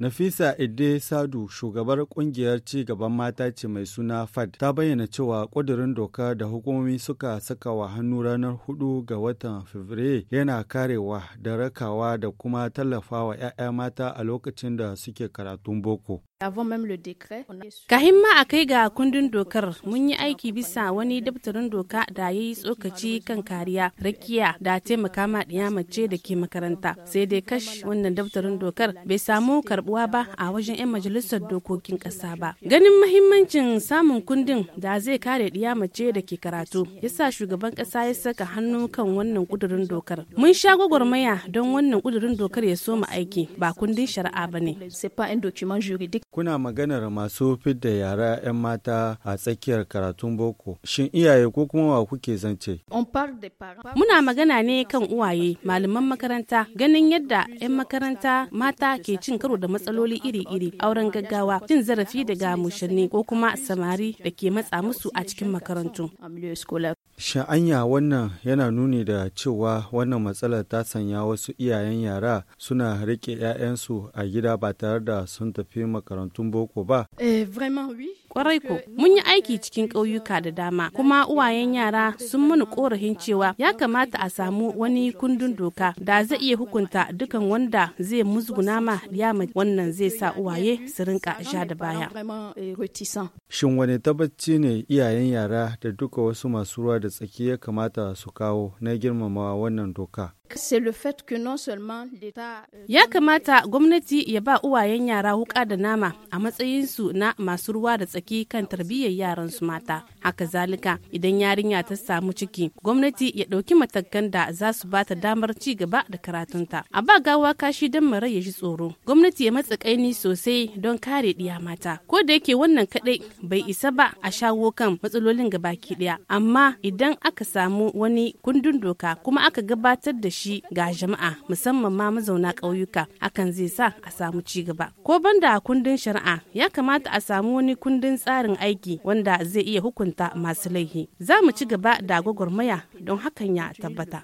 Nafisa Ide Sadu, shugabar kungiyar ci gaban mata ce mai suna FAD, ta bayyana cewa ƙudurin doka da hukumomi suka saka wa hannu ranar 4 ga watan Fabrairu yana karewa da rakawa da kuma tallafawa 'ya'ya mata a lokacin da suke karatun boko. kahimma a kai ga kundin dokar mun yi aiki bisa wani daftarin doka da ya yi tsokaci kan kariya, rakiya da taimaka ma ɗiya mace da ke makaranta. Sai dai kash wannan daftarin dokar bai samu karbuwa ba a wajen 'yan majalisar dokokin ƙasa ba. Ganin mahimmancin samun kundin da zai kare ɗiya mace da ke karatu, yasa shugaban ƙasa ya saka hannu kan wannan ƙudurin dokar. Mun sha gwagwarmaya don wannan ƙudurin dokar ya soma aiki ba kundin shari'a ba ne. Kuna maganar masu fidda yara 'yan mata a tsakiyar karatun boko. Shin iyaye ko kuma wa kuke zance? Muna magana ne kan uwaye, malaman makaranta, ganin yadda 'yan makaranta mata ke cin karo da matsaloli iri-iri, auren gaggawa, cin zarafi daga mushanni ko kuma samari da ke matsa musu a cikin makarantu. Sha'anya wannan yana nuni da cewa wannan matsalar ta sanya wasu iyayen yara suna rike 'ya'yansu a gida ba tare da sun tafi makarantun boko ba. Eh, Kwarai ko, mun yi aiki cikin ƙauyuka da dama, kuma uwayen yara sun mana ƙorafin cewa ya kamata a samu wani kundin doka da zai iya hukunta dukan wanda zai musguna ma yama wannan zai sa uwaye su rinka sha da baya. Eh, Shin wani tabbaci ne iyayen yara da duka wasu masu ruwa da da tsaki ya kamata su kawo na girmama wannan doka. Euh, ya kamata gwamnati ya ba uwayen yara wuka da nama a matsayinsu na masu ruwa da tsaki kan tarbiyyar yaran su mata. Haka zalika idan yarinya ta samu ciki, gwamnati ya ɗauki matakan da za su ba ta damar ci gaba da karatunta. A ba gawa kashi don mara ya ji tsoro. Gwamnati ya matsa kaini sosai don kare ɗiya mata. Ko da yake wannan kaɗai bai isa ba a shawo kan matsalolin gabaki ɗaya. Amma idan aka samu wani kundin doka kuma aka gabatar da shi ga jama'a musamman ma mazauna ƙauyuka akan zai sa a samu ci gaba ko banda kundin shari'a ya kamata a samu wani kundin tsarin aiki wanda zai iya hukunta masu laihi za mu ci gaba da gwagwarmaya don hakan ya tabbata